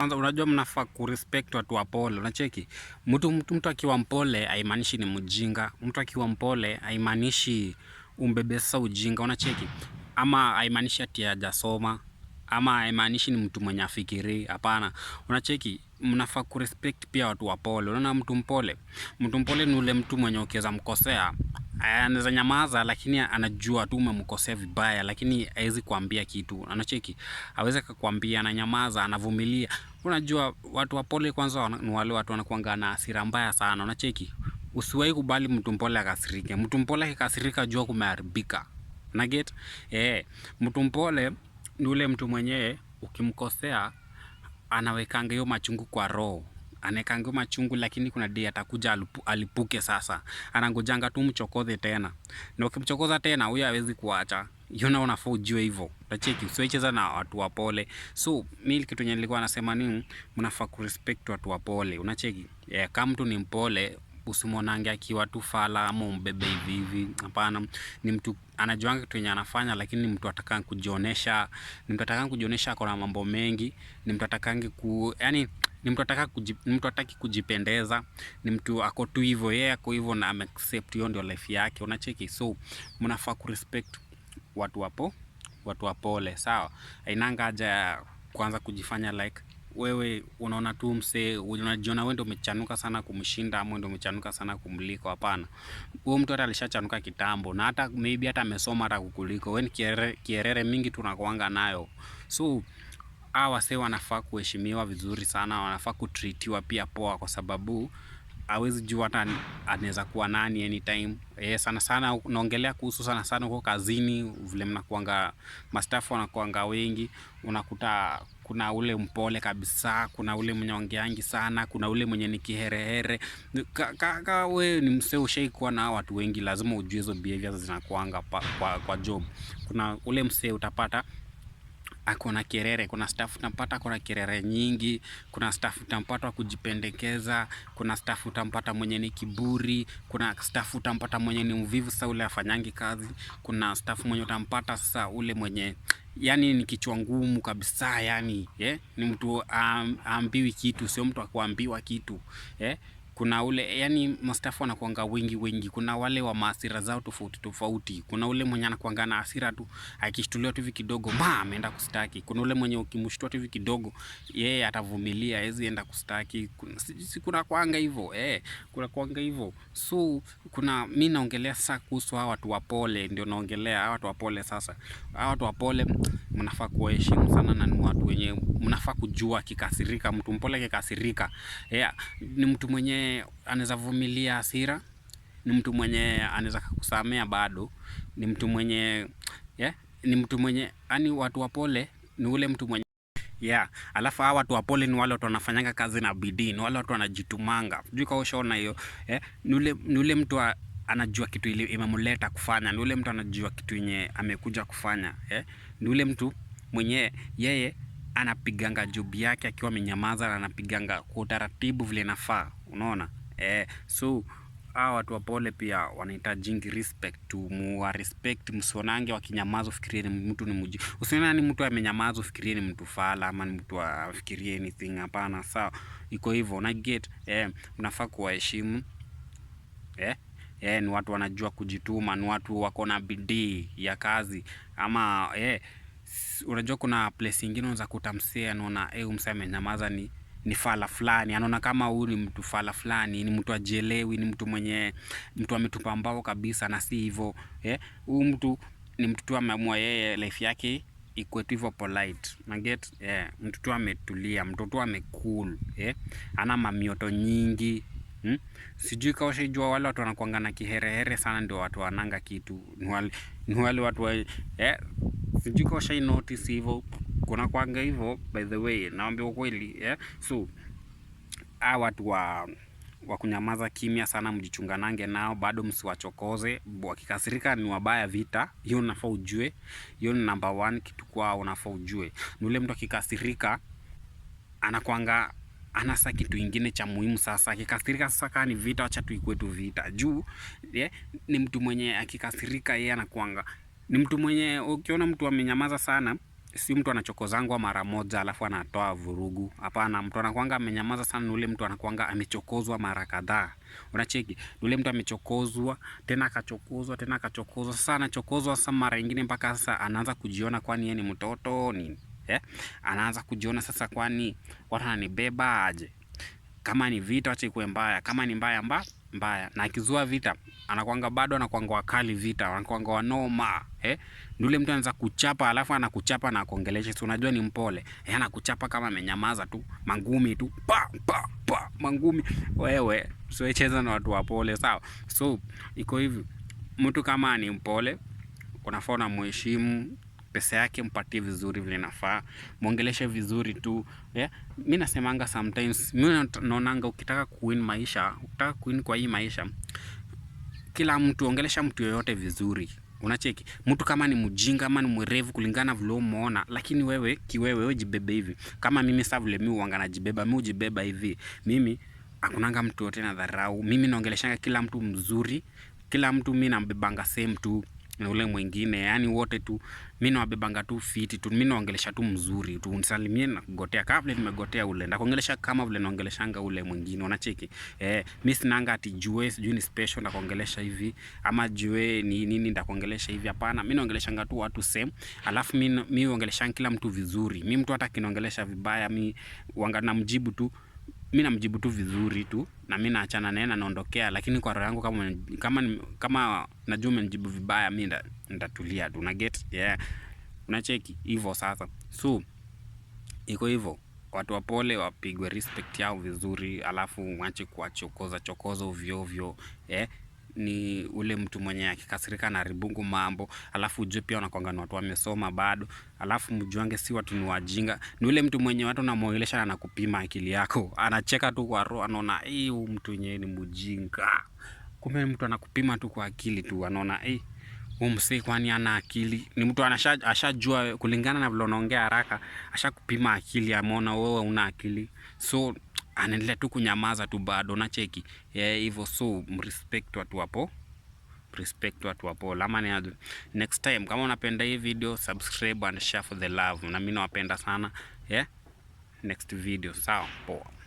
Kwanza unajua, mnafaa respect watu wa pole Unacheki mtu mtu mtu akiwa mpole haimaanishi ni mjinga. Mtu akiwa mpole haimaanishi umbebesa ujinga, unacheki ama haimaanishi ati hajasoma ama haimaanishi ni mtu mwenye afikiri, hapana. Unacheki, mnafaa kurespect pia watu wa pole. Unaona, mtu mpole, mtu mpole ni ule mtu mwenye ukiweza mkosea anaweza nyamaza, lakini anajua tu umemkosea vibaya, lakini hawezi kuambia kitu. Anacheki, hawezi kukwambia, ananyamaza, anavumilia. Unajua watu wa pole kwanza ni wale watu wanakuanga na hasira mbaya sana. Unacheki, usiwahi kubali mtu mpole akasirike. Mtu mpole akikasirika, jua kumeharibika. Naget eh, mtu mpole ni ule mtu mwenyewe ukimkosea anawekanga hiyo machungu kwa roho anaekanga hiyo machungu, lakini kuna day atakuja alipu, alipuke. Sasa anangojanga tu mchokoze tena, na ukimchokoza tena huyo hawezi kuacha. na unafaa ujue hivyo, utacheki usiwecheza na watu wapole. So mi kitu nilikuwa nasema ni mnafaa kurespect watu wapole, unacheki yeah, kama mtu ni mpole kuhusu mwanange akiwa tu fala ama umbebe hivi hivi. Hapana, ni mtu anajuanga kitu yenye anafanya, lakini ni mtu atakaa kujionesha, ni mtu atakaa kujionesha ako na mambo mengi, ni mtu atakaye ku yani ni mtu ataka kuji, ni mtu ataki kujipendeza, ni mtu ako tu hivyo yeye, yeah, ako hivyo na ame accept hiyo ndio life yake, unacheki. So mnafaa ku respect watu wapo, watu wapole, sawa. Hainanga haja ya kuanza kujifanya like wewe unaona tu msee, unajiona wewe ndio umechanuka sana kumshinda ama ndio umechanuka sana kumliko. Hapana, huyo mtu hata alishachanuka kitambo, na hata maybe hata amesoma hata kukuliko wewe. Ni kierere, kierere mingi tunakuanga nayo so hawa wasee wanafaa kuheshimiwa vizuri sana, wanafaa kutritiwa pia poa, kwa sababu hawezi jua hata anaweza kuwa nani anytime. E, sana sana naongelea kuhusu sana sana huko kazini, vile mnakuanga mastafu wanakuanga wengi, unakuta kuna ule mpole kabisa, kuna ule mwenye ongeangi sana, kuna ule mwenye ni kiherehere. Kaka we ni msee, ushaikuwa na watu wengi, lazima ujue hizo behavior zinakuanga kwa, kwa job. Kuna ule msee utapata akona kerere Kuna staff utampata akona kerere nyingi, kuna staff utampata wa kujipendekeza, kuna staff utampata mwenye ni kiburi, kuna staff utampata mwenye ni mvivu, sasa ule afanyangi kazi, kuna staff mwenye utampata sasa ule mwenye yani ni kichwa ngumu kabisa, yani yeah? ni mtu aambiwi kitu, sio mtu akuambiwa kitu yeah? kuna ule yani mastafu anakuanga wengi wengi, kuna wale wa maasira zao tofauti tofauti, kuna ule mwenye anakuanga na asira tu, akishtuliwa tu hivi kidogo ma ameenda kustaki, kuna ule mwenye ukimshtua tu hivi kidogo yeye yeah, atavumilia, hezi enda kustaki. Kuna, si kuna kuanga hivyo eh, kuna kuanga hivyo. So kuna mi naongelea sasa kuhusu hawa watu wa pole ndio naongelea hawa watu wa pole Sasa hawa watu wa pole mnafaa kuwaheshimu sana na ni watu wenye mnafaa kujua akikasirika, mtu mpole akikasirika, yeah, ni mtu mwenye anaweza vumilia hasira, ni mtu mwenye anaweza kukusamea bado, ni mtu mwenye yeah, ni mtu mwenye yani, watu wapole ni ule mtu mwenye Yeah, alafu hawa watu wapole ni wale watu wanafanyanga kazi na bidii, ni wale watu wanajitumanga. Sijui kaushaona hiyo eh? Ni ule mtu wa anajua kitu ile imemleta kufanya, ni ule mtu anajua kitu yenye amekuja kufanya eh? Ni ule mtu mwenye yeye anapiganga job yake akiwa amenyamaza na anapiganga kwa utaratibu vile nafaa, unaona eh? So hawa watu wapole pia wanahitajingi respect tu, muwa respect, msionange wakinyamaza ufikirie ni mtu ni mji, usiona ni mtu amenyamaza ufikirie ni mtu fala ama ni mtu afikirie anything. Hapana, sawa, iko hivyo na get eh, unafaa kuwaheshimu eh eh, ni watu wanajua kujituma, ni watu wako na bidii ya kazi ama eh, unajua kuna place ingine unaweza kutamsia anaona eh, umsa amenyamaza ni ni fala fulani, anaona kama huyu ni mtu fala fulani, ni mtu ajielewi, ni mtu mwenye mtu ametupa mbao kabisa, na si hivyo eh, huyu mtu ni mtu tu ameamua yeye life yake ikuwe tu hivyo polite na get eh, mtu tu ametulia, mtu tu amecool eh, ana mamioto nyingi Hmm? Sijui kawashajua wale watu wanakuanga na kiherehere sana ndio watu wananga kitu. Ni wale watu wa eh, sijui kawashai notice hivyo. Kuna kwanga hivyo by the way, naambia ukweli eh. So ah, watu wa wa kunyamaza kimya sana, mjichunganange nao, bado msiwachokoze. Wakikasirika ni wabaya vita, hiyo unafaa ujue. Hiyo ni number one kitu kwao, unafaa ujue ni ule mtu akikasirika anakuanga anasa kitu ingine cha muhimu sasa. Akikasirika sasa, kaa ni vita, acha tuikue tu vita juu ye, ni mtu mwenye akikasirika yeye anakuanga ni mtu mwenye, ukiona mtu amenyamaza sana si mtu anachokozangwa mara moja alafu anatoa vurugu. Hapana, mtu anakuanga amenyamaza sana ni ule mtu anakuanga amechokozwa mara kadhaa. Unacheki, ni ule mtu amechokozwa tena akachokozwa tena akachokozwa. Sasa anachokozwa sasa mara ingine mpaka sasa anaanza kujiona kwani yeye ni mtoto nini eh? Anaanza kujiona sasa, kwani watu ananibeba aje? Kama ni vita wacha ikuwe mbaya, kama ni mbaya mba, mbaya. Na akizua vita anakuanga bado anakuanga wakali vita, anakuanga wanoma eh? Ndule mtu anaanza kuchapa, alafu anakuchapa na akuongelesha, si unajua ni mpole eh, anakuchapa kama amenyamaza tu, mangumi tu pa pa pa, mangumi. Wewe sio cheza na watu wapole, sawa? So iko hivi, mtu kama ni mpole unafaa na muheshimu pesa yake, mpatie vizuri vile nafaa, mwongeleshe vizuri tu yeah. Mi nasemanga sometimes, mi naonanga ukitaka kuwin maisha, ukitaka kuwin kwa hii maisha, kila mtu ongelesha mtu yoyote vizuri Unacheki mtu kama ni mjinga ama ni mwerevu kulingana vile umeona, lakini wewe kiwewe, wewe jibebe hivi. Kama mimi sasa vile mimi uanga najibeba mimi ujibeba hivi. Mimi hakunanga mtu yote na dharau. Mimi naongeleshanga kila mtu mzuri, kila mtu mimi nambebanga same tu na ule mwingine, yani wote tu mi nawabebanga tu fiti tu, mi naongelesha tu mzuri tu, unisalimie na kugotea kama vile nimegotea ule, ndakuongelesha kama vile naongeleshanga ule mwingine, unacheki eh. mi sinanga ati jue sijui ni special ndakuongelesha hivi ama jue ni nini ndakuongelesha hivi, hapana. mi naongeleshanga tu watu same, alafu mi, mimi naongeleshanga kila mtu vizuri. mi mtu hata kinaongelesha vibaya, mi wanga namjibu tu, mi namjibu tu vizuri tu na mi naachana naye na naondokea, lakini kwa roho yangu kama kama kama najua umenijibu vibaya, mi ndatulia tu na get yeah, unacheki hivyo. Sasa so iko hivyo, watu wapole wapigwe respect yao vizuri, alafu wache kuwachokoza chokoza uvyovyo ovyo eh ni ule mtu mwenye akikasirika na ribungu mambo, alafu ujue pia unakwanga ni watu wamesoma bado, alafu mjuange si watu ni wajinga. Ni ule mtu mwenye watu namwongelesha na kupima akili yako, anacheka tu kwa roho, anaona hii mtu yenyewe ni mjinga, kumbe mtu anakupima tu kwa akili tu, anaona hii umsi kwani ana akili. Ni mtu ashajua kulingana na vile unaongea haraka, ashakupima akili, ameona wewe una akili so anaendelea tu kunyamaza tu bado na cheki eh, hivyo, yeah, so mrespect watu hapo, respect watu hapo. Lama next time kama unapenda hii video subscribe and share for the love, na mimi nawapenda sana yeah. Next video sawa, poa.